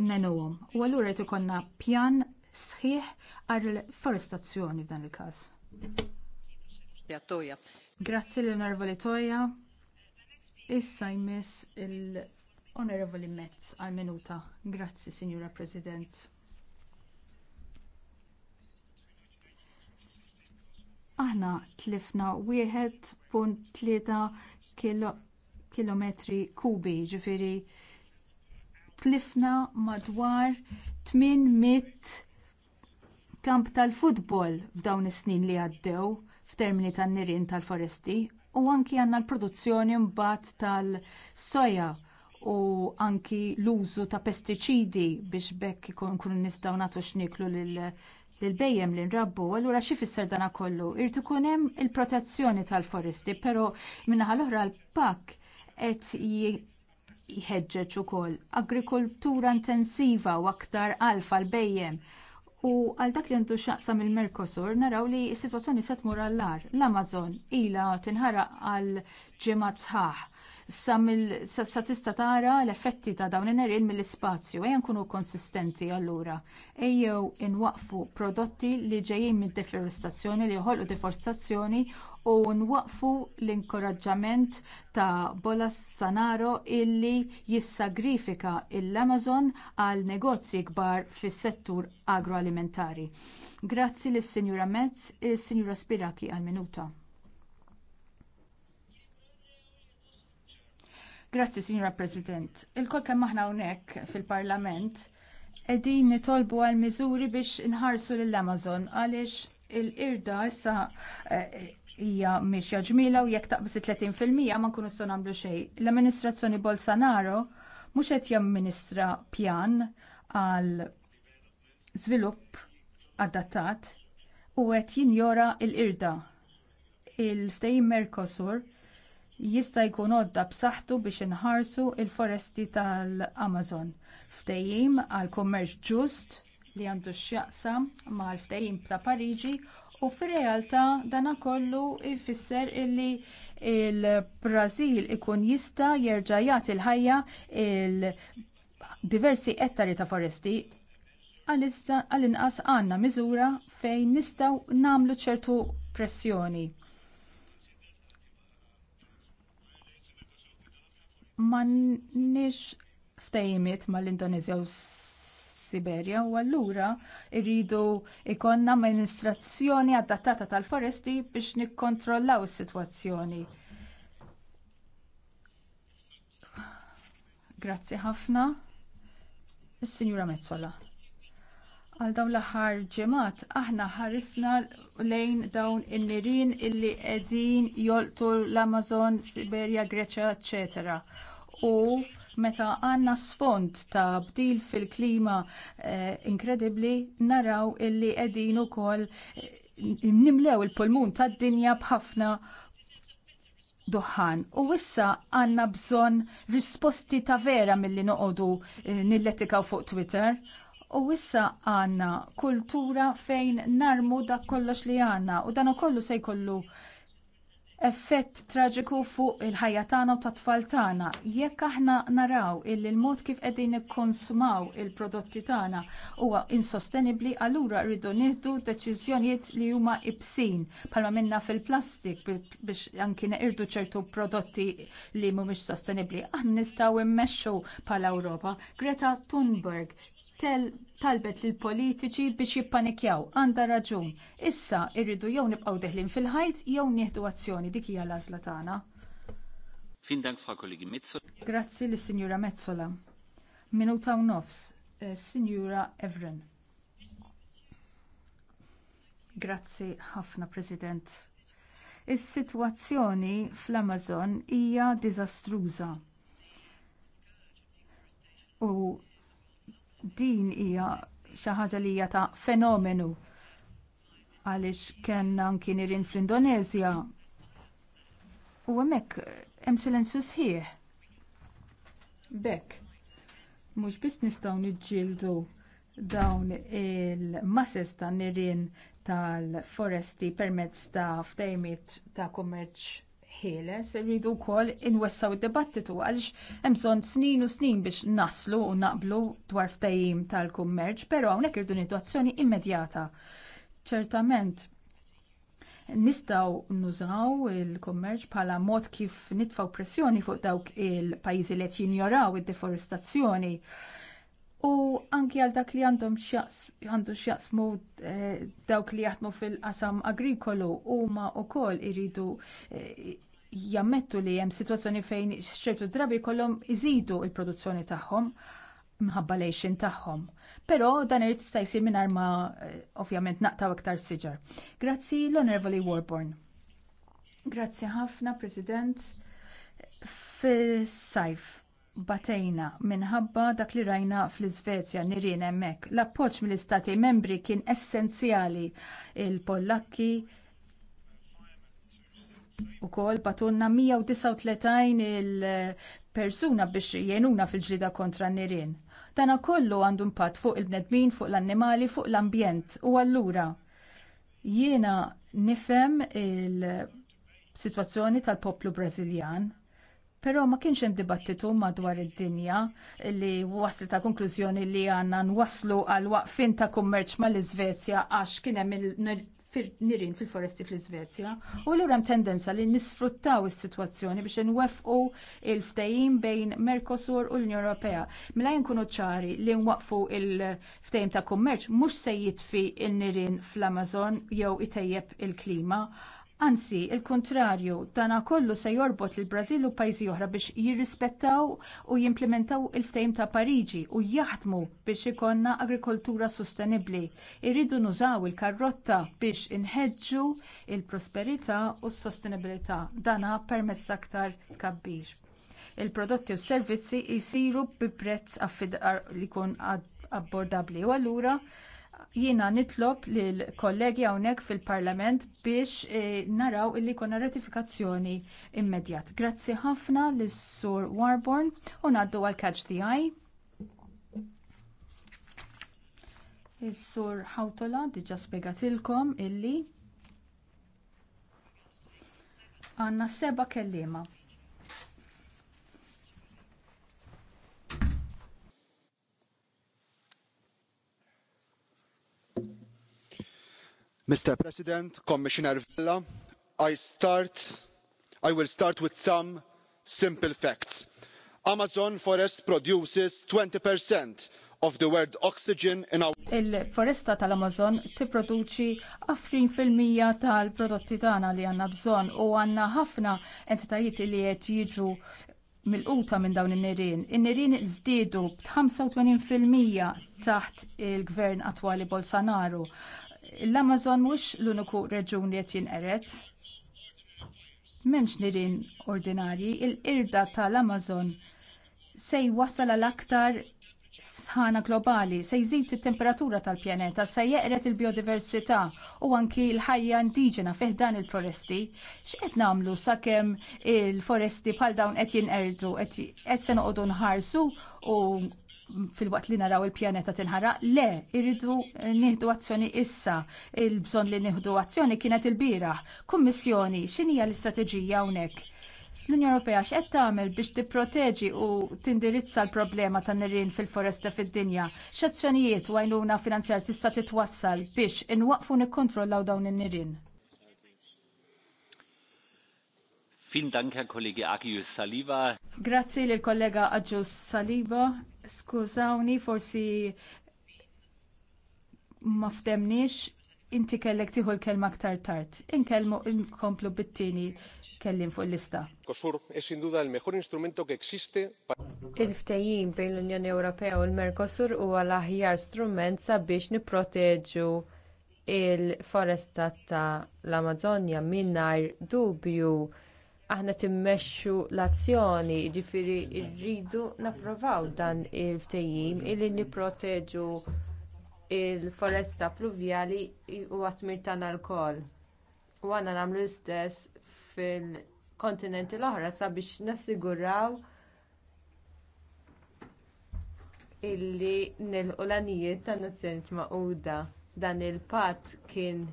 nenuwom. U allura qed ikonna pjan sħiħ għal forestazzjoni f'dan il-każ. Grazzi l-Onorevoli Toja. Issa jmiss l onorevoli Metz għal minuta. Grazzi, Signora President. Aħna tlifna 1.3 kilometri kubi, ġifiri tlifna madwar 800 kamp tal-futbol f'dawn is-snin li għaddew f'termini tan-nirien tal-foresti u anki għandna l-produzzjoni mbagħad tal-soja u anki l-użu ta' pestiċidi biex bekk ikun nistgħu nagħtu x'niklu lil bejjem li nrabbu, allura xi fisser dana kollu? Irid ikun hemm il-protezzjoni tal-foresti, però minnaħa l-oħra l-pakk qed jħeġġeġ ukoll agrikoltura intensiva u aktar alf l bejjem. U għal dak li għandu xaqsam il-Mercosur naraw li s-sitwazzjoni se tmur għall-ar. L-Amazon ilha tinħaraq għal ġimgħat sħaħ sa tista' tara l-effetti ta' dawn in-nerien mill-ispazju ejja nkunu konsistenti allura. Ejjew inwaqfu prodotti li ġejjin mid-deforestazzjoni li joħolqu deforestazzjoni u nwaqfu l-inkoraġġament ta' Bola Sanaro illi jissagrifika l-Amazon għal negozji kbar fis-settur agroalimentari. Grazzi l sinjura Metz, is-Sinjura Spiraki għal minuta. Grazzi, Signora President. Il-kol kemm aħna hawnhekk fil-Parlament qegħdin nitolbu għal miżuri biex inħarsu lill-Amazon għaliex il-irda issa eh, hija mixja ġmila u jekk taqbis 30% ma nkunu se nagħmlu xejn. L-amministrazzjoni Bolsonaro mhux qed jamministra pjan għal żvilupp adattat u qed jinjora l-irda. Il-ftehim Mercosur jista' jkun għodda b'saħħtu biex inħarsu l foresti tal-Amazon. Ftehim għal kummerċ ġust li għandu x'jaqsam mal-ftehim ta' Pariġi u fir-realtà dana kollu jfisser illi l brażil ikun jista' jerġa' jagħti l-ħajja il diversi ettari ta' foresti għall-inqas għandna miżura fejn nistgħu nagħmlu ċertu pressjoni m'għandniex ma mal-Indonezja u Siberja u allura rridu jkollna amministrazzjoni adattata tal-foresti biex nikkontrollaw is-sitwazzjoni. Grazzi ħafna. Is-Sinjura Mezzola. Għal dawn l-aħħar ġemat, aħna ħarisna lejn dawn in-nirien illi qegħdin jolqtu l-Amazon, Siberja, Greċja, eċetera u meta għandna sfond ta' bdil fil-klima eh, inkredibbli naraw illi qegħdin ukoll eh, nimlew il-pulmun tad-dinja b'ħafna Duħan. U issa għanna bżon risposti ta' vera mill-li noqodu eh, nilletikaw fuq Twitter. U issa għanna kultura fejn narmu dak kollox li għanna u dan kollu se jkollu effett traġiku fuq il-ħajja tagħna u tat-tfal tagħna. Jekk aħna naraw illi l-mod kif qegħdin nikkonsumaw il-prodotti tagħna huwa insostenibbli, allura rridu nieħdu deċiżjonijiet li huma ibsin bħalma minna fil-plastik biex anki neqirdu ċertu prodotti li mhumiex sostenibbli. Aħna nistgħu immexxu bħala Ewropa. Greta Thunberg talbet lill politiċi biex jippanikjaw għandha raġun. Issa rridu jew nibqgħu deħlin fil-ħajt jew nieħdu azzjoni dik hija l-għażla tagħna. Fin dank fa' kollegi Mezzola. Grazzi li sinjura Mezzola. Minuta u nofs, eh, Sinjura Evren. Grazzi ħafna President. Is-sitwazzjoni fl-Amazon hija diżastruża. U din hija xi ħaġa li hija ta' fenomenu għaliex kellna anki nirien fl-Indonezja u hemmhekk hemm silenzju sħiħ. Bekk, mhux biss nistgħu niġġieldu dawn il-masses ta' nirien tal-foresti permezz ta' ftejmiet ta' kummerċ ħieles rridu wkoll inwessaw id-dibattitu għaliex hemm bżonn snin u snin biex naslu u naqblu dwar ftehim tal-kummerċ, però hawnhekk irdu nieħdu azzjoni immedjata. Ċertament, Nistgħu nużaw il-kummerċ bħala mod kif nitfgħu pressjoni fuq dawk il-pajjiżi li qed jinjoraw id-deforestazzjoni. U anki għal dak li għandhom għandu xjaqsmu eh, dawk li jaħdmu fil-qasam agrikolu huma wkoll iridu eh, jammettu li hemm sitwazzjoni fejn xertu drabi jkollhom iżidu l produzzjoni tagħhom minħabba lejxin tagħhom. Però dan irid tista' jsir mingħajr ma eh, ovvjament naqtaw iktar siġar. Grazzi l-Onorevoli Warborn. Grazzi ħafna, President. Fis-sajf batejna minħabba dak li rajna fl-Iżvezja nirien hemmhekk. L-appoġġ mill-Istati Membri kien essenzjali. Il-Pollakki, kol batunna 139 il-persuna biex jenuna fil-ġlida kontra n-nirien. Dana kollu għandu impatt fuq il-bnedmin, fuq l-annimali, fuq l-ambjent u allura jiena nifhem il-sitwazzjoni tal-poplu Brażiljan Però ma kienx hemm dibattitu madwar id-dinja li waslu ta' konklużjoni li għandna nwasslu għal waqfin ta' kummerċ mal iżvezja għax kien hemm nirien fil-foresti fl-Iżvezja u l hemm tendenza li nisfruttaw is-sitwazzjoni biex nwefqu l ftajim bejn Mercosur u l-Unjoni Ewropea. Mela nkunu ċari li nwaqfu l ftehim ta' kummerċ mhux se jitfi n nirien fl-Amazon jew itejjeb il-klima Anzi, il-kontrarju, dana kollu se jorbot lill brażil u pajjiżi oħra biex jirrispettaw u jimplementaw il-ftehim ta' Pariġi u jaħdmu biex ikonna agrikoltura sostenibbli. Irridu nużaw il-karrotta biex inħeġġu il-prosperità u s-sostenibilità. Dana permezz aktar tkabbir il-prodotti u s-servizzi jsiru bi prezz li jkun abbordabbli u allura jiena nitlob lill kollegi hawnhekk fil-Parlament biex eh, naraw illi jkollna ratifikazzjoni immedjat. Grazzi ħafna lis sur Warborn u ngħaddu għal catch the eye. Is-sur Hawtola diġà spjegatilkom illi għandna seba' kelliema. mr president commissioner vella i will start with some simple facts amazon forest produces twenty of the world oxygen in our. Il-foresta tal-Amazon tipproduċi 20% tal-prodotti tagħna li għandna bżonn u għandna ħafna entitajiet li qed jiġu mill-quta minn dawn in-nirien. In-nirien żdiedu b'85% taħt il-gvern attwali Bolsonaro l-Amazon mhux l-uniku reġun li qed jinqeret. M'hemmx nirien ordinarji, il-qirda tal-Amazon se jwassal għal aktar sħana globali, se jżid it-temperatura tal-pjaneta, se jeqret il-biodiversità u anki l-ħajja indiġena fih dan il-foresti. X'qed nagħmlu sakemm il-foresti bħal dawn qed jinqerdu, qed se noqogħdu nħarsu u fil-waqt li naraw il-pjaneta tinħaraq, le, irridu nieħdu azzjoni issa. Il-bżon li nieħdu azzjoni kienet il-biraħ. Kummissjoni, x'inhija l-istrateġija hawnhekk? L-Unjoni Ewropea x'qed tagħmel biex tipproteġi u tindirizza l-problema tan nirien fil-foresta fid-dinja? X'azzjonijiet u għajnuna finanzjar tista' titwassal biex inwaqfu nikkontrollaw dawn in-nirien? Fin dank, Herr Kollege Agius Saliba. Grazie lill kollega Agius Saliba. Skużawni, forsi ma ftemniex, inti kellek tieħu l-kelma aktar tard. Inkellmu inkomplu bit-tieni kellim fuq il-lista. Il-ftehim bejn l-Unjoni Ewropea u l-Mercosur huwa l-aħjar strument sabiex nipproteġu l foresta tal-Amazonja mingħajr dubju aħna timmexxu l-azzjoni, jiġifieri rridu napprovaw dan il-ftehim illi nipproteġu l il foresta pluvjali u għatmir tagħna lkoll. U aħna nagħmlu l-istess fil-kontinenti l-oħra sabiex nassiguraw illi nilqu l-għanijiet tan-nazzjonijiet magħquda. Dan il-patt kien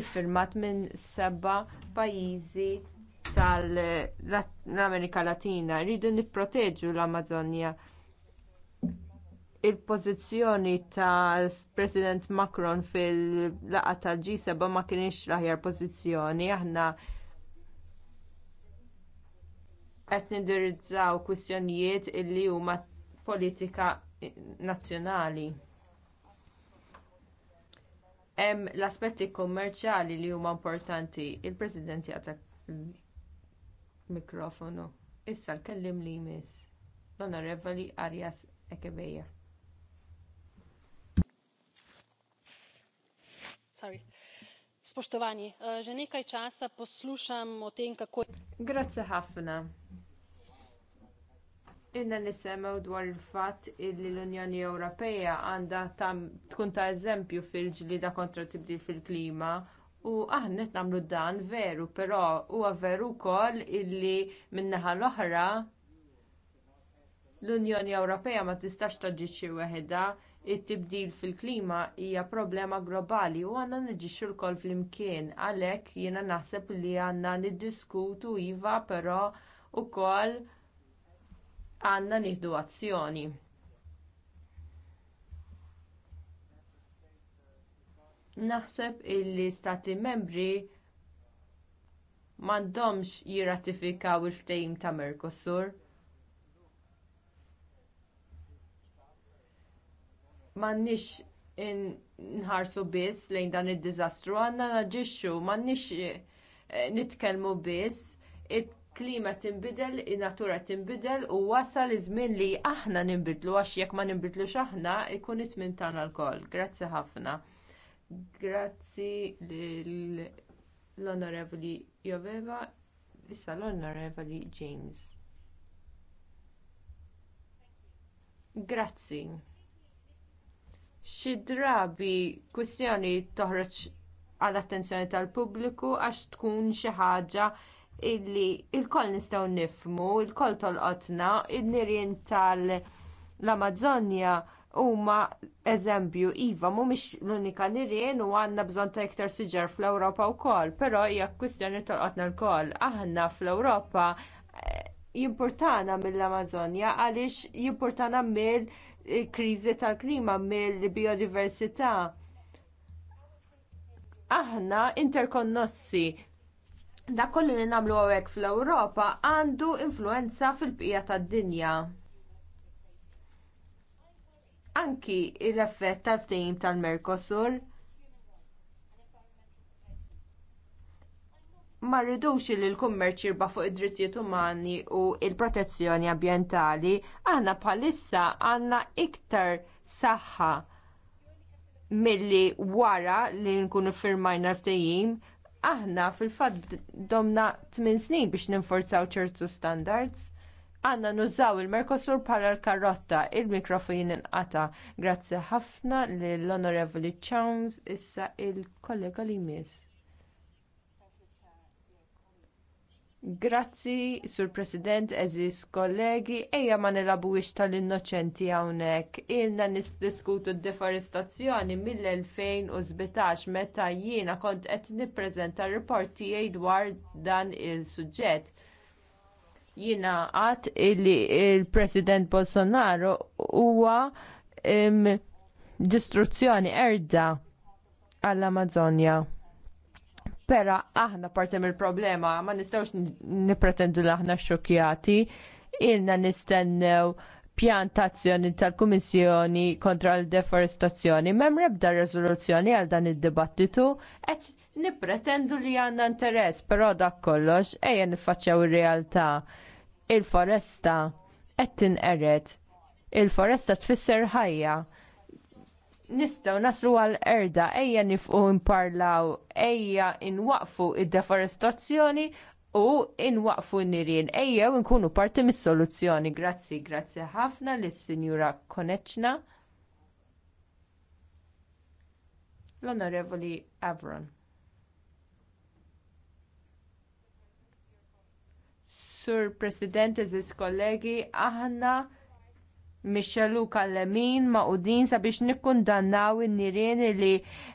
iffirmat minn seba' pajjiżi tal-Amerika Latina rridu nipproteġu l-Amazonja. Il-pożizzjoni ta' President Macron fil laqgħa tal-G7 ma kienx l-aħjar pożizzjoni aħna qed nindirizzaw kwistjonijiet li huma politika nazzjonali hemm l-aspetti kummerċjali li huma importanti il-president jagħtak mikrofonu. Issa l-kellim li jmiss. L-Onorevoli Arias Ekebeja. Sorry. Spoštovani, eh, že nekaj časa poslušam o tem, kako... Grazie ħafna. Inna nisemmew dwar il-fatt illi l-Unjoni Ewropea għandha tkun ta' eżempju fil-ġlida kontra tibdil fil-klima U aħna qed nagħmlu dan veru, però huwa veru wkoll illi minnaħa l-oħra l-Unjoni Ewropea ma tistax xi waħedha it-tibdil fil-klima hija problema globali u għandna niġixxu lkoll flimkien għalhekk jiena naħseb li għandna niddiskutu iva però wkoll għandna nieħdu azzjoni. naħseb li stati membri m'għandhomx jirratifikaw il-ftehim ta' mercosur m'għandniex nħarsu biss lejn dan id-diżastru għandna naġixxu m'għandniex eh, nitkellmu biss il-klima tinbidel in-natura tinbidel u wasal iż-żmien li aħna ninbidlu għax jekk ma ninbidlux aħna ikun it-tmiem tagħna lkoll. Grazzi ħafna. Grazzi l-Onorevoli Joveva, issa l-Onorevoli James. Grazzi. Xi drabi kwistjoni toħroġ għall-attenzjoni tal-pubbliku għax tkun xi ħaġa illi il-koll nistgħu nifhmu, il-koll tolqotna, in-nirien tal-Amazonja il koll tolqotna n nirien tal amazonja huma eżempju iva mhumiex l-unika nirien u għandna bżonn ta' iktar siġar fl-Ewropa wkoll, però hija kwistjoni tolqotna lkoll. Aħna fl-Ewropa eh, jimpurtana mill-Amazonja għaliex jimpurtana mill-kriżi tal-klima, mill-biodiversità. Aħna interkonnossi dak kollu li nagħmlu hawnhekk fl-Ewropa għandu influwenza fil-bqija tad-dinja anki l-effett tal-ftehim tal-Mercosur ma rridux li l-kummerċ jirba fuq id-drittijiet umani u l protezzjoni ambjentali, aħna bħalissa għandna iktar saħħa milli wara li nkunu firmajna ftehim, aħna fil-fatt domna 8 snin biex ninforzaw ċertu standards għandna nużaw il-Mercosur bħala l-karotta, il-mikrofon inqata. Grazzi ħafna lill onorevoli Chowns, issa il-kollega li jmiss. Grazzi, Sur President, eżis kollegi, ejja ma nilabuwix tal-innoċenti hawnhekk. Ilna nisdiskutu d-deforestazzjoni mill-2017 meta jiena kont qed nippreżenta r-report tiegħi dwar dan il-suġġett Jina għat illi il-President Bolsonaro huwa distruzzjoni erda għall-Amazonja. Pera aħna parti mill-problema, ma nistawx nipretendu li aħna xokjati, ilna nistennew pjantazzjoni tal-Kummissjoni kontra l-deforestazzjoni. Mem rebda rezoluzzjoni għal dan id-dibattitu, et nippretendu li għandna interess, però dak kollox ejja niffaċċjaw ir-realtà il-foresta qed tinqered. Il-foresta tfisser ħajja. Nistgħu naslu għal erda ejja nifqu nparlaw, ejja inwaqfu id-deforestazzjoni u inwaqfu n-nirien. Ejja nkunu parti mis-soluzzjoni. Grazzi, grazzi ħafna lis-Sinjura Koneċna. L-Onorevoli Avron. Sur President, eżis kollegi, aħna mixelu kallemin ma' udin sabiex nikkundannaw in-nirien li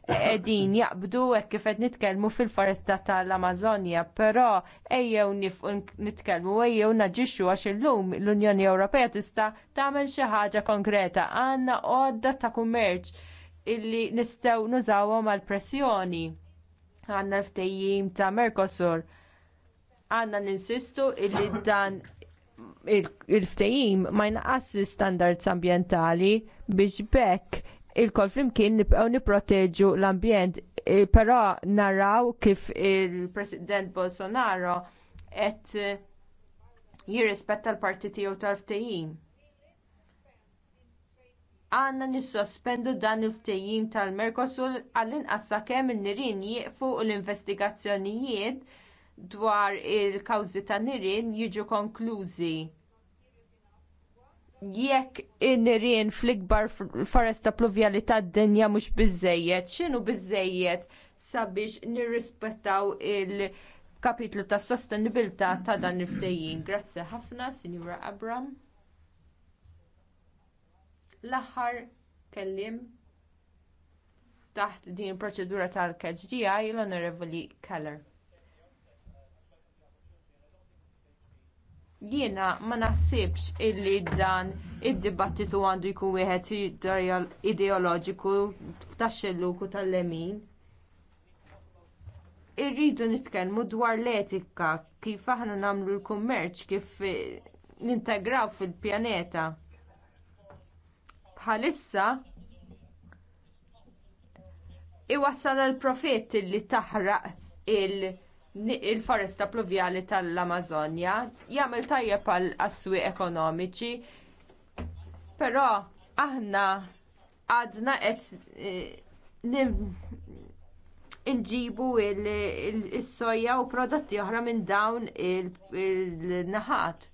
qegħdin jaqbdu hekk kif qed nitkellmu fil-foresta tal-Amazonja, però ejjew nitkellmu ejjew naġixxu għax illum l-Unjoni Ewropea tista' tagħmel xi ħaġa konkreta għandna għodda ta' kummerċ illi nistgħu nużawhom għal pressjoni għandna l-ftejjim ta' Mercosur għanna ninsistu illi dan il-ftehim ma jnaqqas l-standards ambjentali biex bekk il-kol flimkien nibqgħu nipproteġu l-ambjent, e, però naraw kif il-President Bolsonaro qed jirrispetta l-parti tiegħu tal-ftehim. Għanna nissospendu dan il-ftehim tal-Merkosul għall-inqas sakemm in-nirien jieqfu l-investigazzjonijiet dwar il-kawżi ta' nirien jiġu konklużi. Jekk in-nirien fl-ikbar foresta pluvjali tad-dinja mhux biżżejjed, x'inhu biżżejjed sabiex nirrispettaw il-kapitlu tas sostenibilta ta' dan il-ftejjin. Grazzi ħafna, Sinjura Abram. L-aħħar kellim taħt din il-proċedura tal kgi l-Onorevoli Keller. jiena ma naħsibx illi dan id-dibattitu għandu jkun wieħed ideoloġiku f'taxxelluku tal-lemin. Irridu nitkellmu dwar l-etika kif aħna nagħmlu l-kummerċ kif nintegraw fil-pjaneta. Bħalissa iwassal għal profitt li taħraq il- il-foresta pluvjali tal-Amazonja jagħmel tajjeb għal aswi ekonomiċi, però aħna għadna qed e, inġibu il-soja u prodotti oħra minn dawn il-naħat.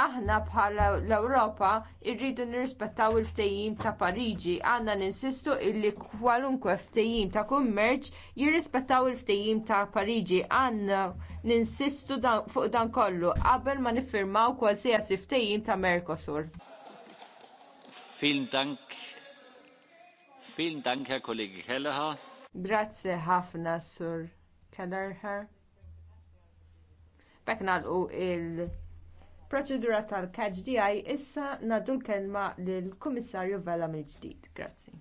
aħna bħala l-Ewropa rridu nirrispettaw il-ftehim ta' Pariġi, għandna ninsistu illi kwalunkwe ftehim ta' kummerċ jirrispettaw il-ftehim ta' Pariġi, għandna ninsistu fuq dan kollu qabel ma niffirmaw kważjasi ftehim ta' Mercosur. Vielen Dank. Vielen Dank, Herr kollegi Kelleher. Grazie ħafna, Sur Kelleher. Bekk nagħlqu il- proċedura tal-catch di issa ngħaddu l-kelma lill-Kummissarju Vella mill-ġdid. Grazzi.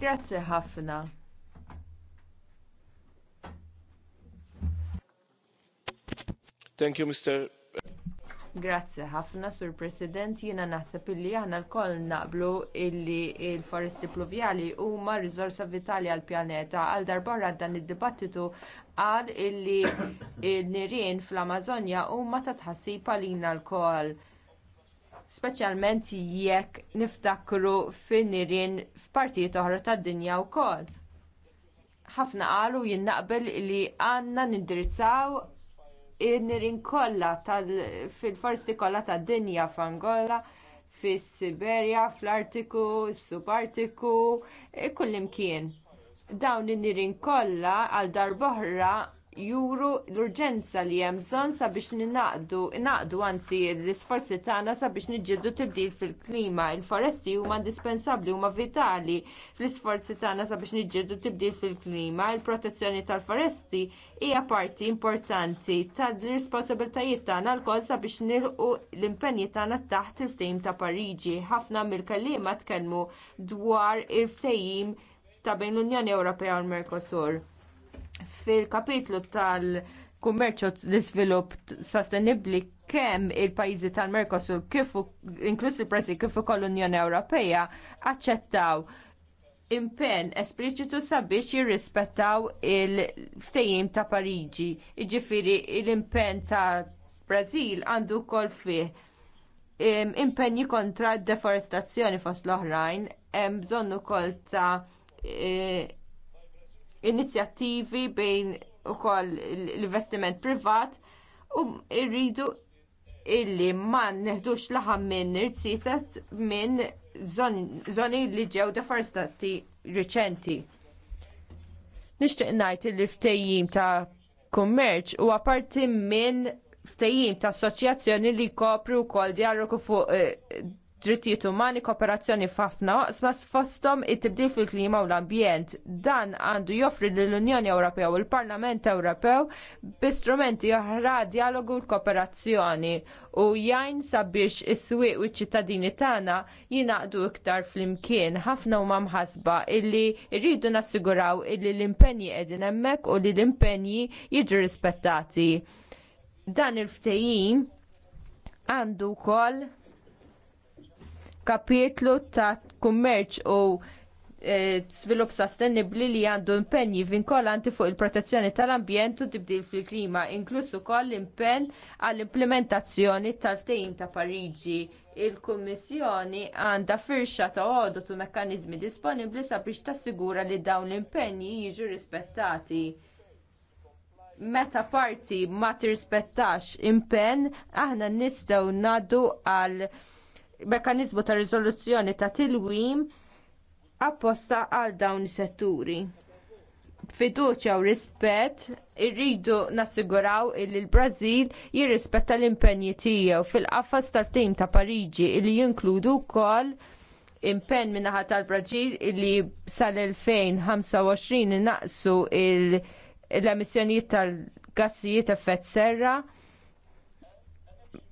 Grazzi ħafna. Thank you, Mr. Grazzi ħafna, Sur President, jiena naħseb illi aħna lkoll naqblu illi l il foresti pluvjali huma riżorsa vitali għall pjaneta għal darbarra dan id-dibattitu qal illi n-nirien fl-Amazonja huma ta' tħassib għalina lkoll speċjalment jekk niftakru fin-nirien f'partijiet oħra tad-dinja wkoll. Ħafna qalu jien naqbel li għandna nindirizzaw in-nirin kollha fil-forsti kollha tad-dinja f'Angola, fis-Siberja, fl-Artiku, s subartiku e kullimkien. Dawn in-nirin kollha għal darb'oħra juru l-urġenza li hemm bżonn sabiex ninaqdu, naqdu anzi l-isforzi tagħna sabiex niġġieldu tibdil fil-klima. Il-foresti huma indispensabbli huma vitali fl-isforzi tagħna sabiex niġġieldu tibdil fil-klima. Il-protezzjoni tal-foresti hija parti importanti tal-responsabiltajiet tagħna lkoll sabiex nilqu l-impenji tagħna taħt il-ftehim ta' Pariġi. Ħafna mill-kelliema tkellmu dwar il-ftehim ta' bejn l-Unjoni Ewropea u l-Mercosur fil-kapitlu tal-kummerċu l-iżvilupp sostenibbli kemm il-pajjiżi tal-Mercosur kif inklus il-Brażil kif ukoll l-Unjoni Ewropea aċċettaw impenn espliċitu sabiex jirrispettaw il-ftejim ta' Pariġi. Jiġifieri l-impenn ta' Brażil għandu wkoll fih impenji kontra d deforestazzjoni fost l-oħrajn, hemm bżonn ukoll ta' eh, inizjattivi bejn ukoll l-investiment privat u rridu illi ma neħdux laħam minn irċitet minn zoni li ġew deforestati riċenti. Nixtieq najt li ftejjim ta' kummerċ huwa parti minn ftejjim ta' assoċjazzjoni li jkopru wkoll dialogu fuq eh, drittijiet umani kooperazzjoni f'ħafna oqsma fosthom it-tibdil fil-klima u l-ambjent. Dan għandu joffri lill-Unjoni Ewropea u l-Parlament Ewropew b'istrumenti oħra dialogu u kooperazzjoni u jgħin sabiex is-swieq u ċ-ċittadini tagħna jingħaqdu iktar flimkien ħafna huma mħasba illi rridu nassiguraw illi l-impenji qegħdin hemmhekk u li l-impenji jiġu rispettati. Dan il-ftehim għandu wkoll kapitlu ta' kummerċ u eh, svilup sostenibbli li għandu impenji vinkolanti fuq il-protezzjoni tal-ambjent u tibdil fil-klima, inkluż ukoll impenn għall-implementazzjoni tal-ftehim ta' Pariġi. Il-Kummissjoni għandha firxa ta' għodu u mekkaniżmi disponibbli sabiex tassigura li dawn l-impenji jiġu rispettati. Meta parti ma tirrispettax impenn, aħna nistgħu ngħaddu għal mekanizmu ta' riżoluzzjoni ta' tilwim apposta għal dawn is-setturi. Fiduċja u rispett irridu nassiguraw li l-Brażil jirrispetta l-impenji tiegħu fil-qafas tal-tim ta' Pariġi li jinkludu wkoll impenn min-naħa tal-Braġil li sal-2025 innaqsu l-emissjonijiet tal-gassijiet effett serra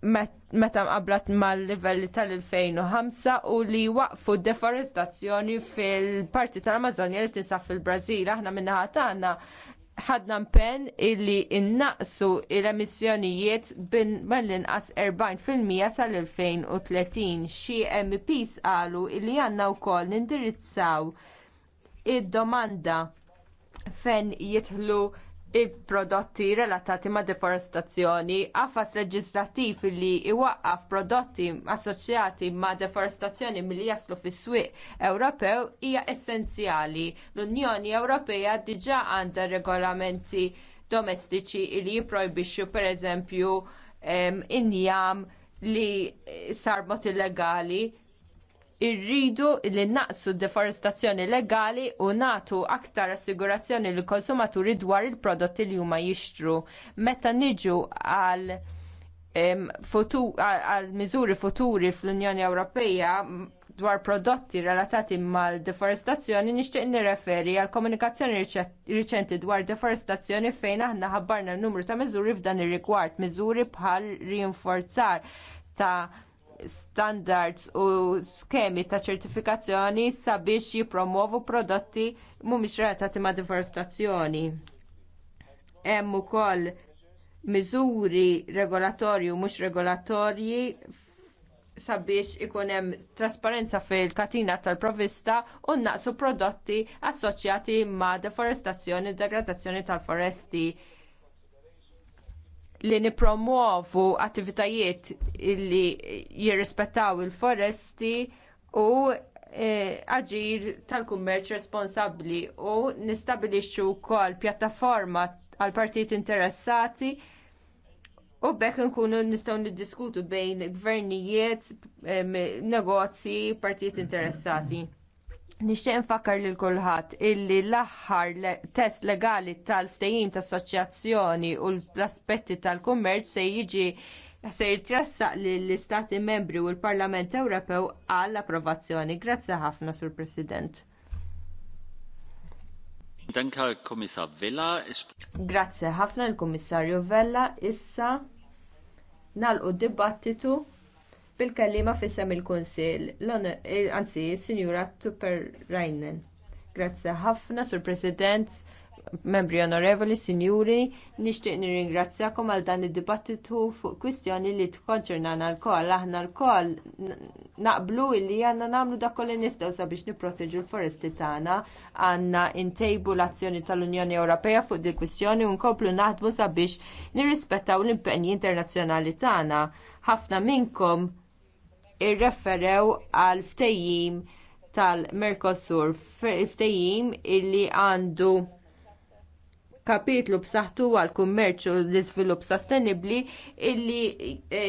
meta mqabblat mal-livelli tal-2005 u li waqfu d deforestazzjoni fil-parti tal-Amazonja li tinsab fil-Brażil. Aħna minnaħa tagħna ħadna mpen illi innaqsu l-emissjonijiet bin mal-inqas 40% sal-2030. Xi MPs qalu illi għandna wkoll nindirizzaw id-domanda fejn jidħlu il-prodotti relatati ma' deforestazzjoni għafas leġislattiv li iwaqqaf prodotti assoċjati ma' deforestazzjoni milli jaslu fis-swieq Ewropew hija essenzjali. L-Unjoni Ewropea diġà għandha regolamenti domestiċi li jipprojbixxu pereżempju injam li sarbot illegali irridu li naqsu deforestazzjoni legali u natu aktar assigurazzjoni lill konsumaturi dwar il-prodotti li huma jixtru. Meta niġu għal għal miżuri futuri fl-Unjoni Ewropea dwar prodotti relatati mal-deforestazzjoni nixtieq nirreferi għal komunikazzjoni riċenti dwar deforestazzjoni fejn aħna ħabbarna n numru ta' miżuri f'dan ir-rigward, miżuri bħal rinforzar ta' standards u skemi ta' ċertifikazzjoni sabiex jippromovu prodotti mhumiex relatati ma' deforestazzjoni. Hemm ukoll miżuri regolatorji u mhux regolatorji sabiex ikun hemm trasparenza fil-katina tal-provista u naqsu prodotti assoċjati ma' deforestazzjoni u degradazzjoni tal-foresti li nipromovu attivitajiet li jirrispettaw il-foresti u e, aġir tal-kummerċ responsabbli u nistabilixxu wkoll pjattaforma għal partijiet interessati u bekk nkunu nistgħu niddiskutu bejn gvernijiet, negozji, partijiet interessati. Nixtieq infakkar lil kulħadd illi l-aħħar test legali tal-ftehim ta' assoċjazzjoni u l-aspetti tal-kummerċ se jiġi se jitrassaq lill istati membri u l-Parlament Ewropew għall approvazzjoni. Grazzi ħafna, Sur President. Danka komissar Vella. Grazzi ħafna l-Kummissarju Vella. Issa nalqu dibattitu bil-kelliema f'isem il-kunsill eh, anzi is-sinjura tuppurainen grazzi ħafna sur president membri onorevoli sinjuri nixtieq nirringrazzjakom għal dan id-dibattitu fuq kwistjoni li tkonċernana lkoll aħna lkoll naqblu li għandna nagħmlu dak kollu nistgħu sabiex nipproteġu l-foresti tagħna għandna ntejbu l-azzjoni tal-Unjoni Ewropea fuq din kwistjoni u nkomplu naħdmu sabiex nirrispettaw l-impenji internazzjonali tagħna ħafna minnkom irreferew għal ftehim tal-Mercosur, ftehim illi għandu kapitlu b'saħħtu għall kummerċ u l iżvilupp sostenibbli illi e,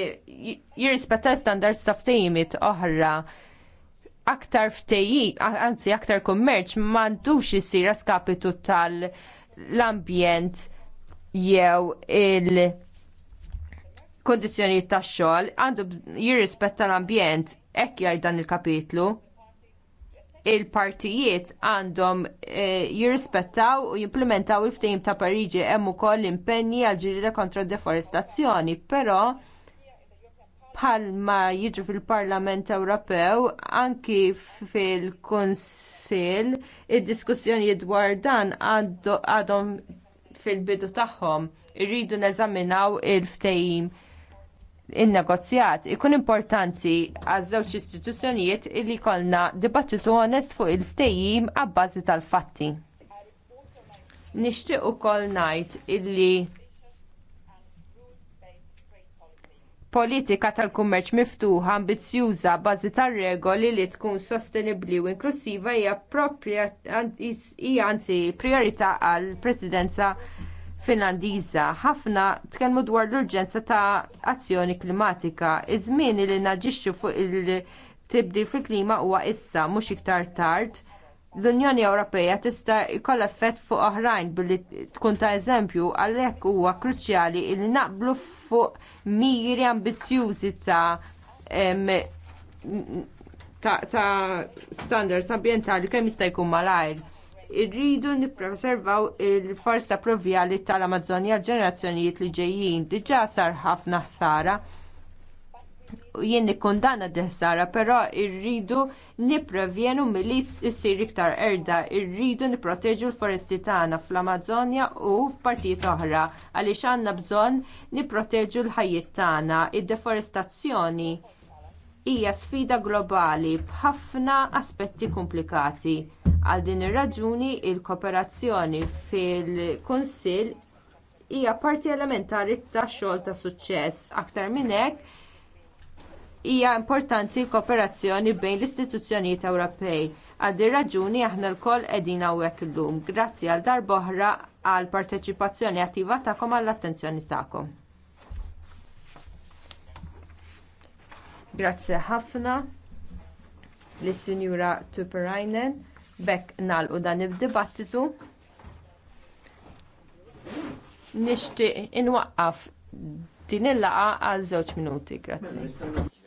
jirrispetta standards ta' ftehimiet oħra aktar ftehim, anzi aktar kummerċ m'għandux isir skapitu tal-ambjent jew il- kondizjonijiet tax-xogħol għandu jirrispetta l-ambjent hekk jgħid dan il-kapitlu il-partijiet għandhom eh, jirrispettaw u jimplementaw il-ftehim ta' Pariġi hemm ukoll impenji għal ġirida kontra d deforestazzjoni, però bħalma jiġu fil-Parlament Ewropew anki fil kunsil id-diskussjoni dwar dan għadhom fil-bidu tagħhom irridu neżaminaw il-ftehim in-negozjat ikun importanti għaż-żewġ istituzzjonijiet li jkollna dibattitu onest fuq il-ftehim għabbażi tal-fatti. Nixtieq ukoll ngħid illi politika tal-kummerċ miftuħa ambizzjuża bbażi tar-regoli li tkun sostenibbli u inklusiva hija anzi prijorità għall-Presidenza Finlandiża ħafna tkellmu dwar l-urġenza ta' azzjoni klimatika. Iż-żmien li naġixxu fuq il-tibdil fil-klima huwa issa mhux iktar tard. L-Unjoni Ewropea tista' jkollha effett fuq oħrajn billi tkun ta' eżempju għalhekk huwa kruċjali li naqblu fuq miri ambizzjużi ta' ta', ta standards ambjentali kemm jista' jkun malajr irridu nippreservaw il-forsa provjali tal għall ġenerazzjonijiet li ġejjin. Diġà sar ħafna ħsara jien nikkundanna d-ħsara, però rridu nipprevjenu milli ssir iktar erda, irridu nipproteġu l-foresti tagħna fl-Amazzonja u f'partijiet oħra għaliex għandna bżonn nipproteġu l-ħajjiet tagħna. Id-deforestazzjoni hija sfida globali b'ħafna aspetti komplikati. Għal din ir-raġuni l kooperazzjoni fil-Kunsill hija parti elementari tax-xogħol ta' suċċess. Aktar minn hekk hija importanti l-kooperazzjoni bejn l-istituzzjonijiet Ewropej. din ir-raġuni aħna lkoll qegħdin hawnhekk illum. Grazzi għal darb'oħra għall parteċipazzjoni attiva tagħkom għall-attenzjoni tagħkom. Grazzi ħafna lis sinjura Tuperainen. Bekk nalqu dan id-dibattitu. Nixtieq inwaqqaf din il laqgħa għal żewġ minuti. Grazzi.